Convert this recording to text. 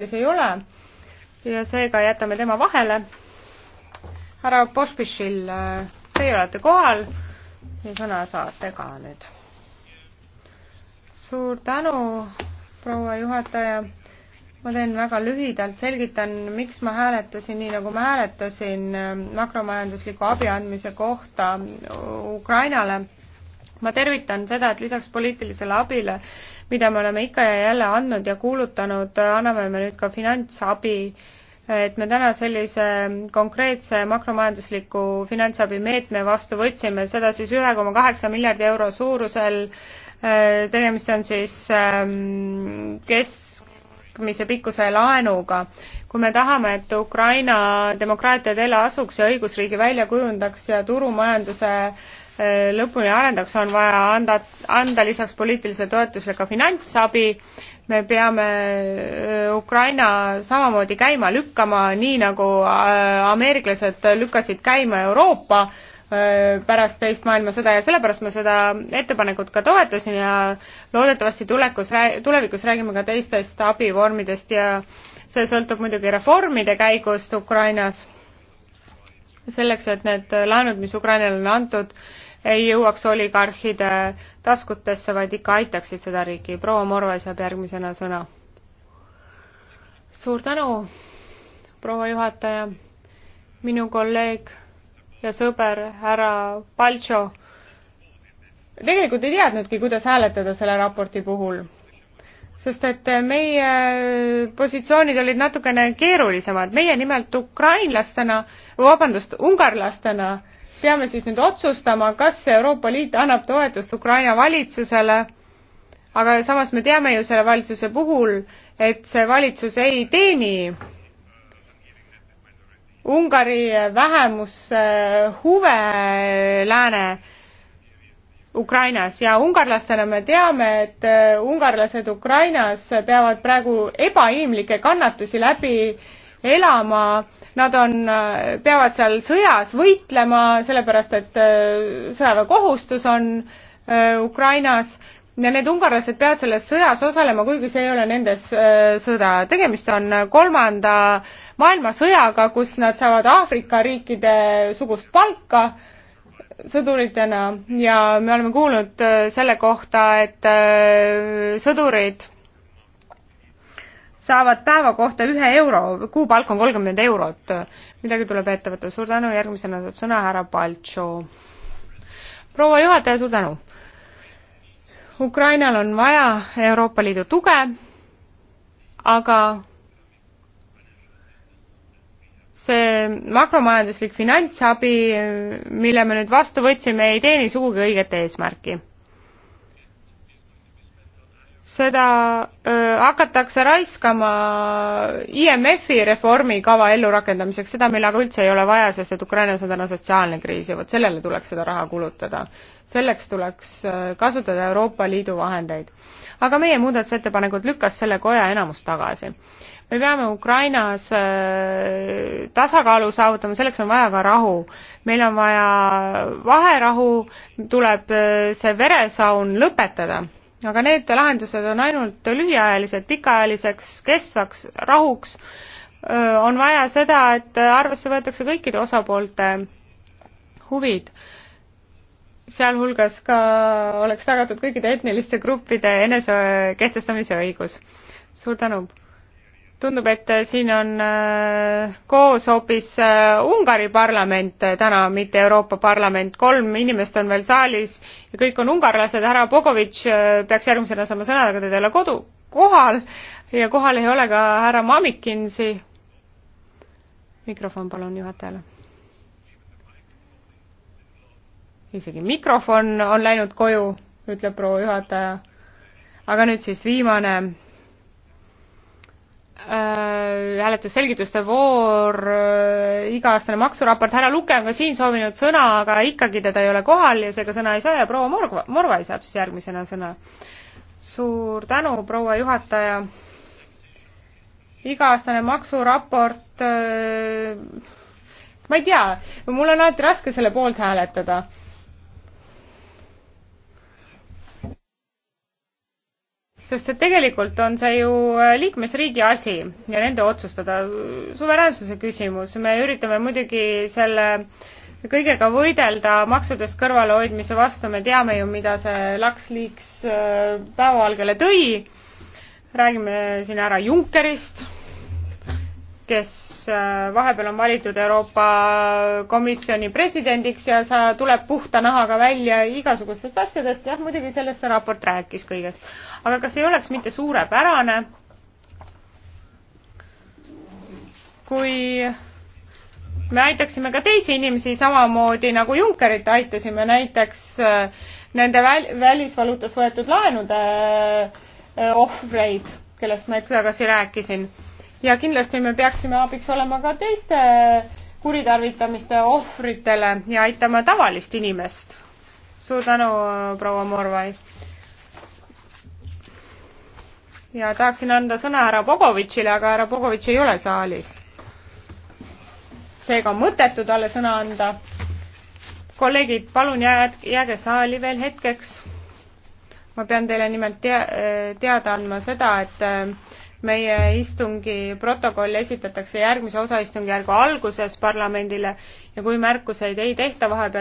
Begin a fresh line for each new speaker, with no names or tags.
ei ole ja seega jätame tema vahele. härra Pospišil, äh, teie olete kohal ja sõna saate ka nüüd. suur tänu, proua juhataja. ma teen väga lühidalt, selgitan, miks ma hääletasin nii, nagu ma hääletasin äh, makromajandusliku abi andmise kohta Ukrainale ma tervitan seda, et lisaks poliitilisele abile, mida me oleme ikka ja jälle andnud ja kuulutanud, anname me nüüd ka finantsabi, et me täna sellise konkreetse makromajandusliku finantsabimeetme vastu võtsime, seda siis ühe koma kaheksa miljardi euro suurusel, tegemist on siis ähm, keskmise pikkuse laenuga. kui me tahame, et Ukraina demokraatia teele asuks ja õigusriigi välja kujundaks ja turumajanduse Äh, lõpuni arendaks, on vaja anda, anda lisaks poliitilisele toetusele ka finantsabi. me peame äh, Ukraina samamoodi käima lükkama, nii nagu äh, ameeriklased lükkasid käima Euroopa pärast teist maailmasõda ja sellepärast ma seda ettepanekut ka toetasin ja loodetavasti tulekus, tulevikus räägime ka teistest abivormidest ja see sõltub muidugi reformide käigust Ukrainas, selleks et need laenud, mis Ukrainale on antud, ei jõuaks oligarhide taskutesse, vaid ikka aitaksid seda riiki. proua Morve saab järgmisena sõna. suur tänu, proua juhataja. minu kolleeg ja sõber härra Paltšo tegelikult ei teadnudki, kuidas hääletada selle raporti puhul sest et meie positsioonid olid natukene keerulisemad, meie nimelt ukrainlastena, vabandust, ungarlastena peame siis nüüd otsustama, kas Euroopa Liit annab toetust Ukraina valitsusele, aga samas me teame ju selle valitsuse puhul, et see valitsus ei teeni Ungari vähemuse huve lääne Ukrainas ja ungarlastena me teame, et äh, ungarlased Ukrainas peavad praegu ebainimlikke kannatusi läbi äh, elama, nad on, peavad seal sõjas võitlema, sellepärast et äh, sõjaväekohustus on äh, Ukrainas ja need ungarlased peavad selles sõjas osalema, kuigi see ei ole nendes äh, sõda. tegemist on kolmanda maailmasõjaga, kus nad saavad Aafrika riikide sugust palka sõduritena ja me oleme kuulnud selle kohta, et sõdurid saavad päeva kohta ühe euro, kuupalk on kolmkümmend eurot. midagi tuleb ette võtta, suur tänu, järgmisena saab sõna härra Baltšo. proua juhataja, suur tänu. Ukrainal on vaja Euroopa Liidu tuge, aga see makromajanduslik finantsabi, mille me nüüd vastu võtsime, ei teeni sugugi õiget eesmärki seda öö, hakatakse raiskama IMF-i reformikava ellurakendamiseks, seda meil aga üldse ei ole vaja, sest et Ukrainas on täna sotsiaalne kriis ja vot sellele tuleks seda raha kulutada. selleks tuleks kasutada Euroopa Liidu vahendeid. aga meie muudatusettepanekud lükkas selle koja enamus tagasi. me peame Ukrainas öö, tasakaalu saavutama, selleks on vaja ka rahu. meil on vaja vaherahu, tuleb öö, see veresaun lõpetada aga need lahendused on ainult lühiajalised, pikaajaliseks kestvaks rahuks on vaja seda, et arvesse võetakse kõikide osapoolte huvid. sealhulgas ka oleks tagatud kõikide etniliste gruppide enesekehtestamise õigus. suur tänu! tundub, et äh, siin on äh, koos hoopis äh, Ungari parlament täna, mitte Euroopa Parlament. kolm inimest on veel saalis ja kõik on ungarlased. härra Bogovitš peaks järgmisena saama sõna, aga teda ei ole kodu, kohal ja kohal ei ole ka härra Mamikinsi. mikrofon palun juhatajale. isegi mikrofon on läinud koju, ütleb proua juhataja. aga nüüd siis viimane Äh, hääletusselgituste voor, äh, iga-aastane maksuraport, härra Luke on ka siin soovinud sõna, aga ikkagi teda ei ole kohal ja seega sõna ei saa ja proua Morva, Morvai saab siis järgmisena sõna. suur tänu, proua juhataja. iga-aastane maksuraport, äh, ma ei tea, mul on alati raske selle poolt hääletada sest et tegelikult on see ju äh, liikmesriigi asi ja nende otsustada, suveräänsuse küsimus, me üritame muidugi selle kõigega võidelda maksudest kõrvalehoidmise vastu, me teame ju, mida see LuxLeaks äh, päevavalgele tõi, räägime siin ära Junckerist kes äh, vahepeal on valitud Euroopa Komisjoni presidendiks ja sa tuleb puhta nahaga välja igasugustest asjadest, jah, muidugi sellest see raport rääkis kõigest. aga kas ei oleks mitte suurepärane, kui me aitaksime ka teisi inimesi samamoodi nagu Junckerit aitasime näiteks äh, nende väl-, välisvaluutas võetud laenude äh, ohvreid, kellest ma hetk tagasi rääkisin ja kindlasti me peaksime abiks olema ka teiste kuritarvitamiste ohvritele ja aitama tavalist inimest. suur tänu, proua Morvai. ja tahaksin anda sõna härra Bogovitšile, aga härra Bogovitš ei ole saalis. seega on mõttetu talle sõna anda. kolleegid, palun jääd, jääge saali veel hetkeks. ma pean teile nimelt tea, teada andma seda, et meie istungi protokoll esitatakse järgmise osaistungjärgu alguses parlamendile ja kui märkuseid ei tehta vahepeal